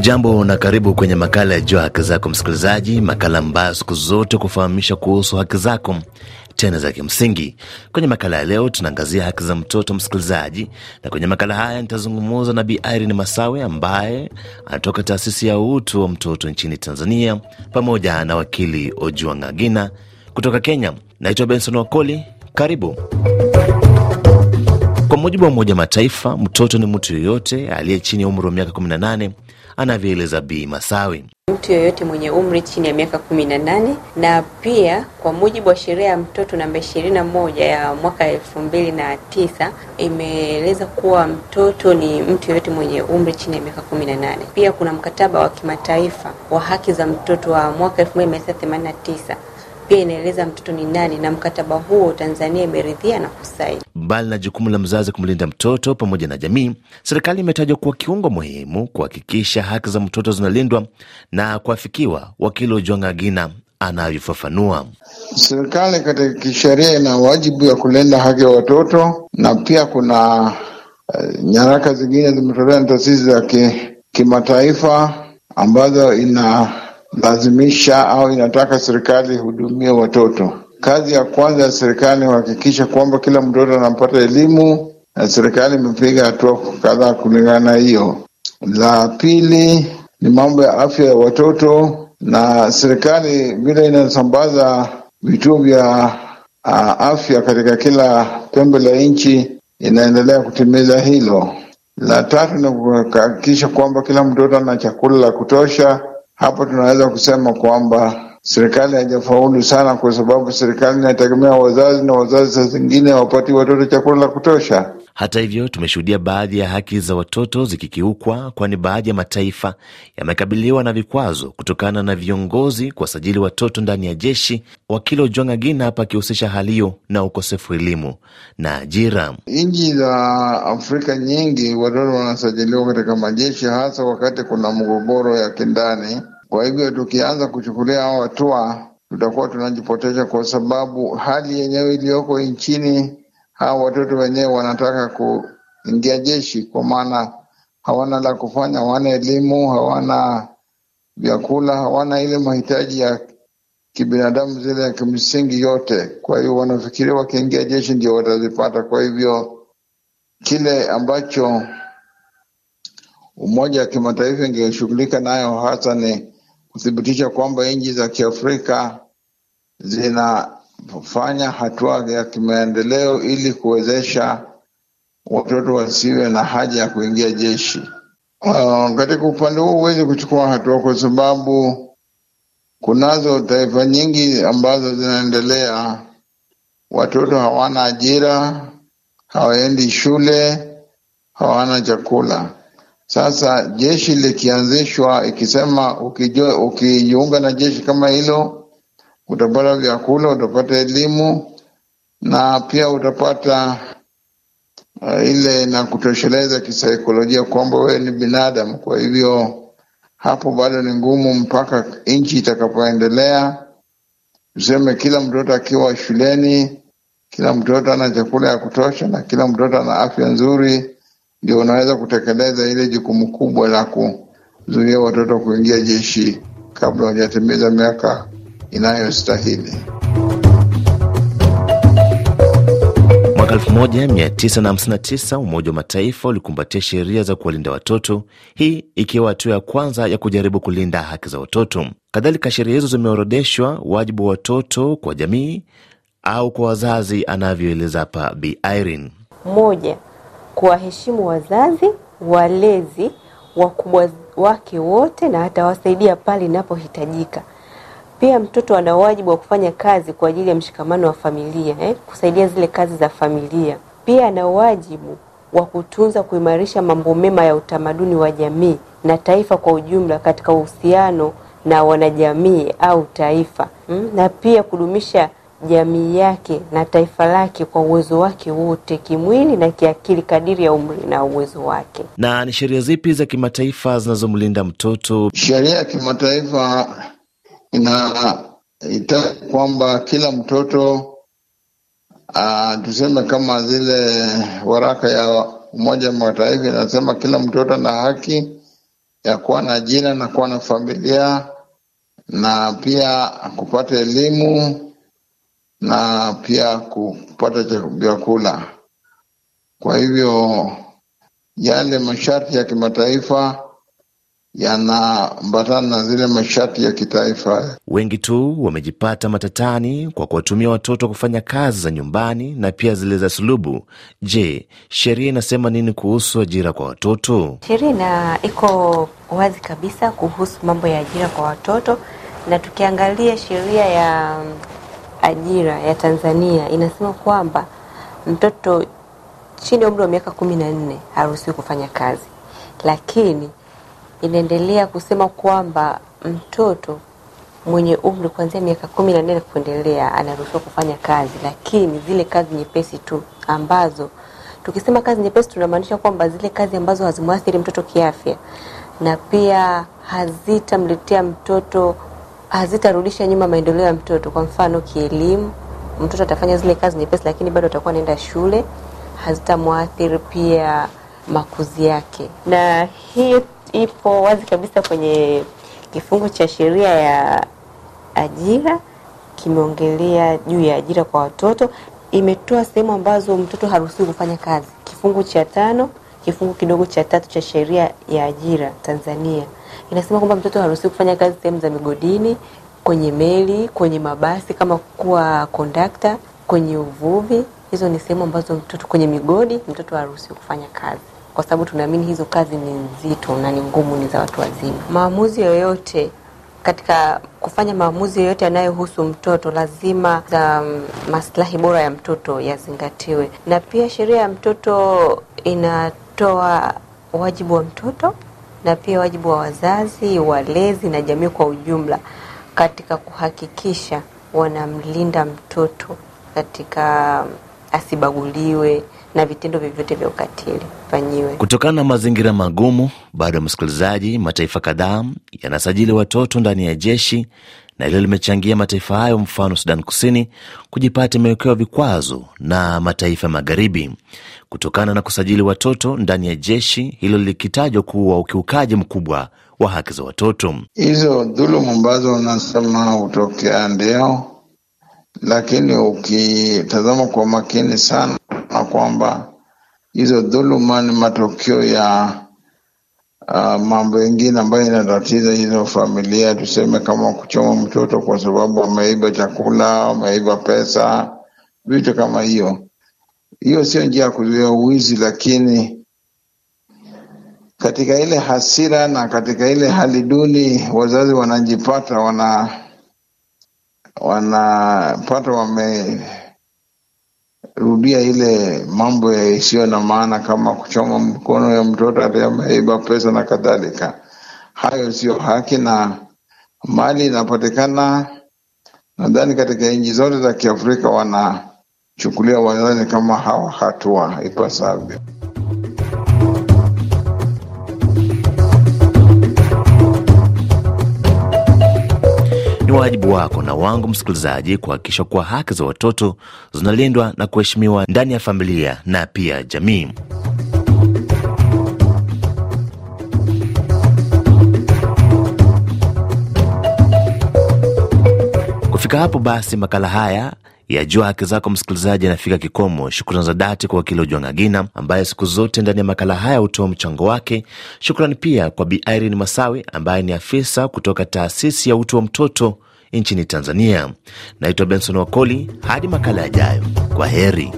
Hujambo na karibu kwenye makala ya Jua Haki Zako, msikilizaji, makala ambayo siku zote kufahamisha kuhusu haki zako tena za kimsingi. Kwenye makala ya leo tunaangazia haki za mtoto msikilizaji, na kwenye makala haya nitazungumza na Bi Irene Masawe ambaye anatoka taasisi ya utu wa mtoto nchini Tanzania, pamoja na wakili Ojuang Agina kutoka Kenya. Naitwa Benson Wakoli, karibu. Kwa mujibu wa Umoja Mataifa, mtoto ni mtu yoyote aliye chini ya umri wa miaka 18, anavyoeleza Bi Masawi. Mtu yoyote mwenye umri chini ya miaka 18, na pia kwa mujibu wa sheria ya mtoto namba 21 ya mwaka 2009 imeeleza kuwa mtoto ni mtu yoyote mwenye umri chini ya miaka 18. Pia kuna mkataba wa kimataifa wa haki za mtoto wa mwaka 1989 pia inaeleza mtoto ni nani, na mkataba huo Tanzania imeridhia na kusaini. Mbali na jukumu la mzazi kumlinda mtoto pamoja na jamii, serikali imetajwa kuwa kiungo muhimu kuhakikisha haki za mtoto zinalindwa na kuafikiwa. Wakili Ojwang' Agina anavyofafanua. Serikali katika kisheria ina wajibu ya kulinda haki ya watoto, na pia kuna uh, nyaraka zingine zimetolewa na taasisi za kimataifa ambazo ina lazimisha au inataka serikali ihudumie watoto. Kazi ya kwanza ya serikali huhakikisha kwamba kila mtoto anapata elimu, na serikali imepiga hatua kadhaa kulingana na hiyo. La pili ni mambo ya afya ya watoto, na serikali vile inasambaza vituo vya uh, afya katika kila pembe la nchi inaendelea kutimiza hilo. La tatu ni kuhakikisha kwamba kila mtoto ana chakula la kutosha hapo tunaweza kusema kwamba serikali haijafaulu sana, kwa sababu serikali inategemea wazazi, na wazazi saa zingine wapati watoto chakula la kutosha. Hata hivyo, tumeshuhudia baadhi ya haki za watoto zikikiukwa, kwani baadhi ya mataifa yamekabiliwa na vikwazo kutokana na viongozi kuwasajili watoto ndani ya jeshi. Wakili Ojwang' Agina hapa akihusisha hali hiyo na ukosefu elimu na ajira. Nchi za Afrika nyingi watoto wanasajiliwa katika majeshi, hasa wakati kuna mgogoro ya kindani kwa hivyo tukianza kuchukulia hao hatua, tutakuwa tunajipoteza, kwa sababu hali yenyewe iliyoko nchini, hao watoto wenyewe wanataka kuingia jeshi, kwa maana hawana la kufanya, hawana elimu, hawana vyakula, hawana ile mahitaji ya kibinadamu zile ya kimsingi yote. Kwa hiyo wanafikiria wakiingia jeshi ndio watazipata. Kwa hivyo kile ambacho Umoja wa Kimataifa ingeshughulika nayo hasa ni kuthibitisha kwamba nchi za Kiafrika zinafanya hatua ya kimaendeleo ili kuwezesha watoto wasiwe na haja ya kuingia jeshi. Uh, katika upande huo huwezi kuchukua hatua kwa sababu kunazo taifa nyingi ambazo zinaendelea, watoto hawana ajira, hawaendi shule, hawana chakula. Sasa jeshi likianzishwa, ikisema ukijiunga na jeshi kama hilo utapata vyakula, utapata elimu na pia utapata uh, ile na kutosheleza kisaikolojia kwamba wewe ni binadamu. Kwa hivyo hapo bado ni ngumu mpaka nchi itakapoendelea. Tuseme kila mtoto akiwa shuleni, kila mtoto ana chakula ya kutosha na kila mtoto ana afya nzuri ndio unaweza kutekeleza ile jukumu kubwa la kuzuia watoto kuingia jeshi kabla hawajatimiza miaka inayostahili. Mwaka 1959 Umoja wa Mataifa ulikumbatia sheria za kuwalinda watoto, hii ikiwa hatua ya kwanza ya kujaribu kulinda haki za watoto. Kadhalika, sheria hizo zimeorodeshwa wajibu wa watoto kwa jamii au kwa wazazi, anavyoeleza hapa Bi Irene. Moja, kuwaheshimu wazazi, walezi, wakubwa wake wote na atawasaidia pale inapohitajika. Pia mtoto ana wajibu wa kufanya kazi kwa ajili ya mshikamano wa familia eh, kusaidia zile kazi za familia. Pia ana wajibu wa kutunza, kuimarisha mambo mema ya utamaduni wa jamii na taifa kwa ujumla katika uhusiano na wanajamii au taifa mm, na pia kudumisha jamii yake na taifa lake kwa uwezo wake wote kimwili na kiakili kadiri ya umri na uwezo wake. Na ni sheria zipi za kimataifa zinazomlinda mtoto? Sheria ya kimataifa inahitaji kwamba kila mtoto uh, tuseme kama zile waraka ya Umoja wa Mataifa inasema kila mtoto ana haki ya kuwa na jina na kuwa na familia na pia kupata elimu na pia kupata vyakula. Kwa hivyo yale masharti ya kimataifa yanaambatana na zile masharti ya kitaifa. Wengi tu wamejipata matatani kwa kuwatumia watoto kufanya kazi za nyumbani na pia zile za sulubu. Je, sheria inasema nini kuhusu ajira kwa watoto? Sheria na iko wazi kabisa kuhusu mambo ya ajira kwa watoto, na tukiangalia sheria ya ajira ya Tanzania inasema kwamba mtoto chini ya umri wa miaka kumi na nne haruhusiwi kufanya kazi, lakini inaendelea kusema kwamba mtoto mwenye umri kuanzia miaka kumi na nne kuendelea anaruhusiwa kufanya kazi, lakini zile kazi nyepesi tu ambazo tukisema kazi nyepesi tunamaanisha kwamba zile kazi ambazo hazimwathiri mtoto kiafya na pia hazitamletea mtoto hazitarudisha nyuma maendeleo ya mtoto. Kwa mfano kielimu, mtoto atafanya zile kazi nyepesi, lakini bado atakuwa anaenda shule, hazitamwathiri pia makuzi yake, na hii ipo wazi kabisa kwenye kifungu cha sheria ya ajira, kimeongelea juu ya ajira kwa watoto, imetoa sehemu ambazo mtoto haruhusiwi kufanya kazi. Kifungu cha tano kifungu kidogo cha tatu cha sheria ya ajira Tanzania inasema kwamba mtoto haruhusiwi kufanya kazi sehemu za migodini, kwenye meli, kwenye mabasi kama kuwa kondakta, kwenye uvuvi. Hizo ni sehemu ambazo mtoto, kwenye migodi, mtoto haruhusiwi kufanya kazi, kwa sababu tunaamini hizo kazi ni nzito na ni ngumu, ni za watu wazima. Maamuzi yoyote katika kufanya maamuzi yoyote yanayohusu mtoto lazima za um, maslahi bora ya mtoto yazingatiwe, na pia sheria ya mtoto ina kutoa wajibu wa mtoto na pia wajibu wa wazazi, walezi na jamii kwa ujumla katika kuhakikisha wanamlinda mtoto katika asibaguliwe na vitendo vyovyote vya ukatili fanyiwe. Kutokana na mazingira magumu, bado ya msikilizaji, mataifa kadhaa yanasajili watoto ndani ya jeshi na hilo limechangia mataifa hayo, mfano Sudan Kusini, kujipata imewekewa vikwazo na mataifa ya magharibi kutokana na kusajili watoto ndani ya jeshi, hilo likitajwa kuwa ukiukaji mkubwa wa haki za watoto. Hizo dhulumu ambazo unasema hutokea ndio, lakini ukitazama kwa makini sana na kwamba hizo dhuluma ni matokeo ya uh, mambo yengine ambayo inatatiza hizo familia, tuseme kama kuchoma mtoto kwa sababu ameiba chakula, ameiba pesa, vitu kama hiyo. Hiyo sio njia ya kuzuia uwizi, lakini katika ile hasira na katika ile hali duni wazazi wanajipata wana wanapata wame rudia ile mambo yaisiyo na maana kama kuchoma mkono ya mtoto atameiba pesa na kadhalika. Hayo sio haki, na mali inapatikana, nadhani katika nchi zote za Kiafrika wanachukulia wazazi kama hawa hatua ipasavyo. wajibu wako na wangu msikilizaji, kuhakikisha kuwa haki za watoto zinalindwa na kuheshimiwa ndani ya familia na pia jamii. Kufika hapo basi, makala haya ya Jua Haki Zako, msikilizaji, anafika kikomo. Shukrani za dhati kwa wakili ujuangagina ambaye siku zote ndani ya makala haya hutoa mchango wake. Shukrani pia kwa Bi Irene ambaye ni afisa kutoka taasisi ya utu wa mtoto nchini Tanzania. Naitwa Benson Wakoli, hadi makala yajayo, kwa heri.